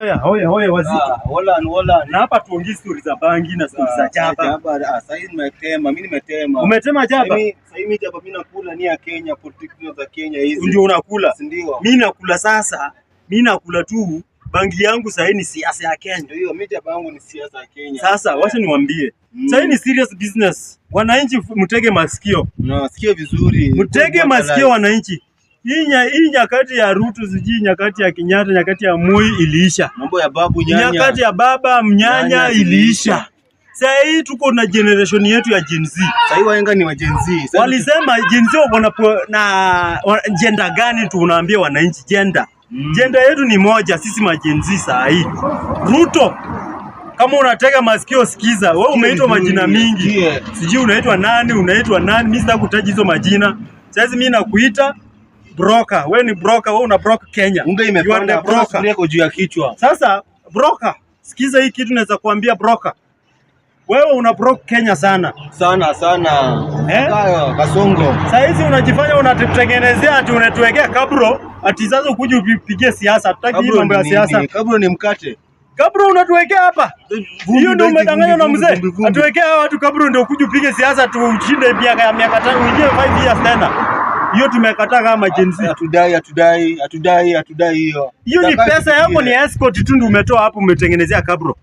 Oya, oya, oya wazito. Ah, wala wala. Na hapa tuongee stories za bangi na stories za ah, jaba. Jaba, ah, sasa hivi nimetema, mimi nimetema. Umetema jaba? Mimi sasa hivi jaba mimi nakula ni ya Kenya, politics za Kenya hizi. Ndio unakula? Ndio. Mimi nakula sasa, mimi nakula tu bangi yangu sasa ni siasa ya Kenya. Ndio, mimi jaba yangu ni siasa ya Kenya. Sasa yeah. Wacha eh. niwaambie. Mm. Sasa ni serious business. Wananchi mtege masikio. No, sikio vizuri. Mtege masikio wananchi hii nyakati ya Ruto sijui nyakati ya Kenyatta, nyakati ya Moi iliisha. Mambo ya babu nyanya. Nyakati ya baba mnyanya iliisha. Sasa hii tuko na generation yetu ya Gen Z. Sasa hii waenga ni wa Gen Z. Walisema Gen Z wana na jenda gani? Tunaambia wananchi jenda. Mm. Jenda yetu ni moja sisi ma Gen Z saa hii. Ruto kama unataka masikio sikiza, wewe umeitwa majina mingi. Sijui unaitwa nani, unaitwa nani, mimi sitakutaji hizo majina. Sasa mimi nakuita broker. Wewe ni broker, wewe una broker Kenya. Unga imepanda broker yako juu ya kichwa. Sasa broker, sikiza hii kitu naweza kuambia broker. Wewe una broker Kenya sana. Sana sana. Eh? Kasongo. Sasa hizi unajifanya unatutengenezea ati unatuwekea kabro, ati sasa ukuje upigie siasa. Hatutaki mambo ya siasa. Kabro ni mkate. Kabro unatuwekea hapa. Hiyo ndio umedanganywa na mzee. Atuwekea watu kabro ndio ukuje upige siasa tushinde miaka ya miaka tano, uingie 5 years tena hiyo tumekataa kama Gen Z. Hatudai, hatudai, hatudai, hatudai hiyo. Hiyo ni pesa yako, ni escort tu ndio umetoa hapo, umetengenezea kabro.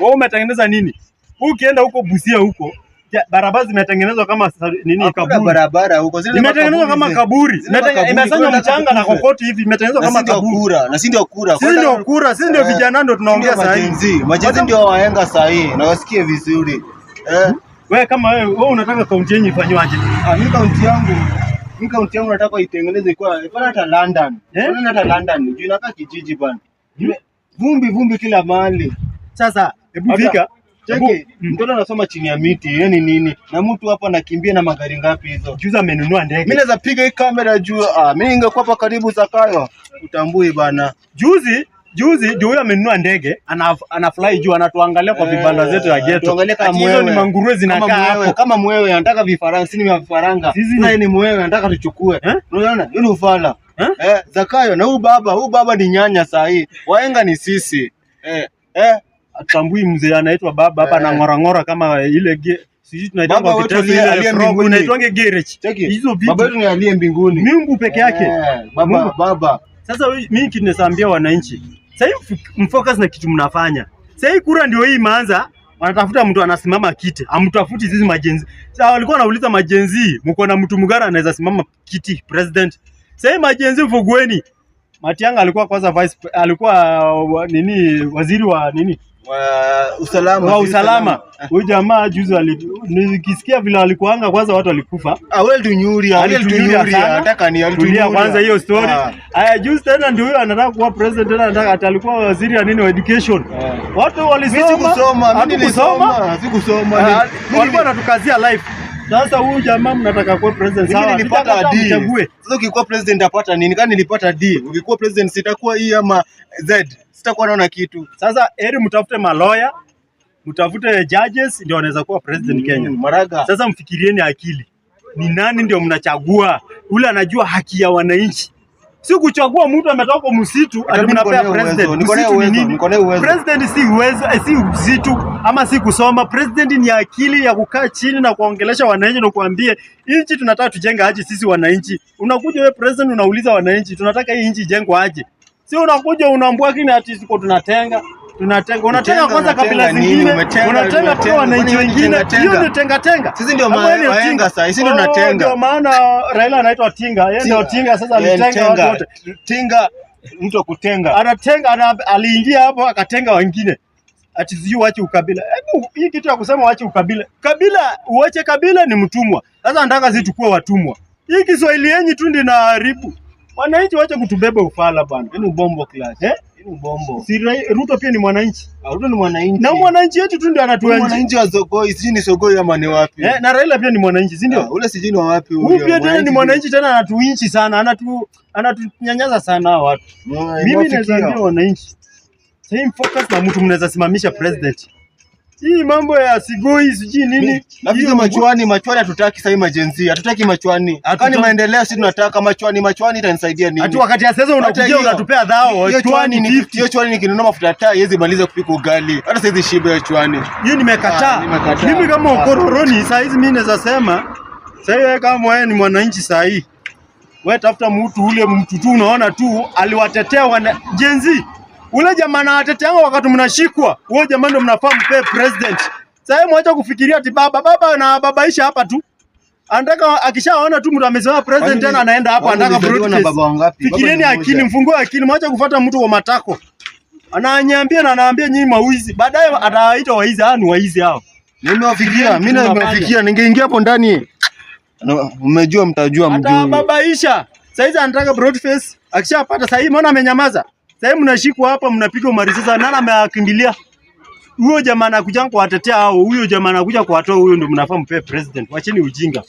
Wewe umetengeneza nini? Ukienda huko Busia huko barabara zimetengenezwa kama nini kaburi. Barabara huko zile imetengenezwa kama kaburi, imesanywa mchanga na kokoti hivi, imetengenezwa kama kaburi. Na si ndio kura, si ndio kura, si ndio eh, vijana ndio tunaongea sasa hivi. Majenzi ndio waenga sasa hivi, na wasikie vizuri eh. Wewe kama wewe, wewe unataka kaunti yenyewe ifanywaje? Ah, mimi kaunti yangu hii kaunti yangu nataka itengeneze kwa ifana hata London. Eh? Hata London. Juu inakaa kijiji bana. Hmm? Vumbi vumbi kila mahali. Sasa hebu fika. Cheki, hmm. mtoto anasoma chini ya miti, yani nini? Na mtu hapa anakimbia na magari ngapi hizo? Juzi amenunua ndege. Mimi naweza piga hii kamera juu. Ah, mimi ningekuwa hapa karibu Zakayo. Utambui bana. Juzi Juzi juu huyo amenunua ndege anafly juu, anatuangalia kwa eh, vibanda zetu ya geto. Hizo ni manguruwe zinakaa hapo kama mwewe, anataka vifaranga, si ni vifaranga, sisi naye ni mwewe, anataka tuchukue. Eh? Unaona yule ufala eh? eh, Zakayo na huyu baba, huyu baba ni nyanya saa hii, waenga ni sisi eh, eh, atambui mzee anaitwa baba hapa, anang'orang'ora kama ile ge aliye mbinguni, Mungu peke yake baba. Sasa mimi kitu wananchi sasa mfocus na kitu mnafanya. Sasa hii kura ndio hii imeanza, wanatafuta mtu anasimama kiti, amtafuti zizi majenzi. Sasa walikuwa wanauliza majenzi, mko na mtu mgara anaweza simama kiti president. Sasa hii majenzi mfugweni. Matianga alikuwa kwanza vice alikuwa uh, nini waziri wa nini wa usalama, wa usalama. Huyu jamaa juzi nikisikia vile walikuanga kwanza, watu walikufa ah, tulia kwanza hiyo story. Haya, ah. juzi tena ndio huyo anataka kuwa president tena, anataka atalikuwa waziri ya nini wa education. Ah. Watu walisoma, mimi nilisoma, sikusoma, walikuwa natukazia life sasa huyu jamaa mnataka kuwa president. Sawa, nilipata D. Sasa ukikuwa president utapata nini? Kani nilipata D. Ukikuwa president sitakuwa E ama Z. Sitakuwa naona kitu. Sasa heri mtafute maloya, mtafute judges ndio wanaweza kuwa president mm, Kenya. Maraga. Sasa mfikirieni akili. Ni nani ndio mnachagua? Ule anajua haki ya wananchi si kuchagua mtu ametoka msitu ati mnapea president. Msitu ni nini? President si uwezo, eh, si msitu ama si kusoma. President ni akili ya kukaa chini na kuongelesha wananchi na kuambia nchi tunataka tujenge aje sisi wananchi. Unakuja wewe president unauliza wananchi tunataka hii nchi ijengwe aje? Si unakuja unaambua kini ati siko tunatenga Tunatenga, unatenga kwanza kabila zingine, unatenga kwa wananchi wengine. Hiyo ndio tenga tenga. Sisi ndio maana sasa, sisi ndio tunatenga. Oh, ndio maana Raila anaitwa Tinga, yeye ndio Tinga. Sasa alitenga watu wote. Tinga mtu wa kutenga, anatenga, aliingia hapo akatenga wengine ati sijui wache ukabila. Hebu hii kitu ya kusema wache ukabila, kabila uache kabila ni mtumwa. Sasa nataka sisi tukue watumwa. Hii Kiswahili yenyu tu ndio inaharibu wananchi. Wache kutubeba ufala bwana, ni yaani bombo class eh Ruto pia ni mwananchi. Ah, Ruto ni mwananchi. Na mwananchi wetu tu ndio anatuenzi. Mwananchi wa Zogoi, sijui ni Zogoi ama ni wapi. Eh, na Raila pia ni mwananchi, si ndio? Ah, ule sijui ni wa wapi huyo. Huyu pia tena ni mwananchi tena anatuinchi sana, anatu anatunyanyaza sana watu. Mimi naweza ndio wananchi. Same focus na mtu mnaweza simamisha president. Yeah. Hii mambo ya sigoi sijui nini. Na vile machwani machwani hatutaki sasa majenzi, Hatutaki machwani. Kwani maendeleo sisi tunataka machwani machwani itanisaidia nini? Hata wakati ya sasa unakuja unatupea dhao. Chwani ni gift. Hiyo chwani nikinunua mafuta ya taa iweze maliza kupika ugali. Hata saizi shiba ya chwani. Hiyo nimekataa. Ah, mimi kama ukororoni ah. saa hizi mimi naweza sema sasa hiyo kama wewe ni mwananchi saa hii. Wewe tafuta mtu ule mtu tu unaona tu aliwatetea wana jenzi. Ule jamaa na wateteanga wakati mnashikwa, wewe jamaa ndio mnafaa mpe president. Sasa mwacha kufikiria ati baba baba na babaisha hapa tu. Anataka akishaona tu mtu amezoea president tena anaenda hapo anataka brutness. Fikirieni akili, mfungue akili, mwacha kufuata mtu kwa matako. Ananiambia na anaambia nyinyi mauizi. Baadaye atawaita waizi, hao ni waizi hao. Nimewafikia, mimi nimewafikia, ningeingia hapo ndani. Umejua mtajua mjui. Atababaisha. hizi anataka broad Akishapata sasa hii mbona amenyamaza? Sasa mnashikwa hapa mnapigwa marisasi nani amewakimbilia? Huyo jamaa anakuja kuwatetea hao, huyo jamaa anakuja kuwatoa huyo ndio mnafaa mpe president. Wacheni ujinga.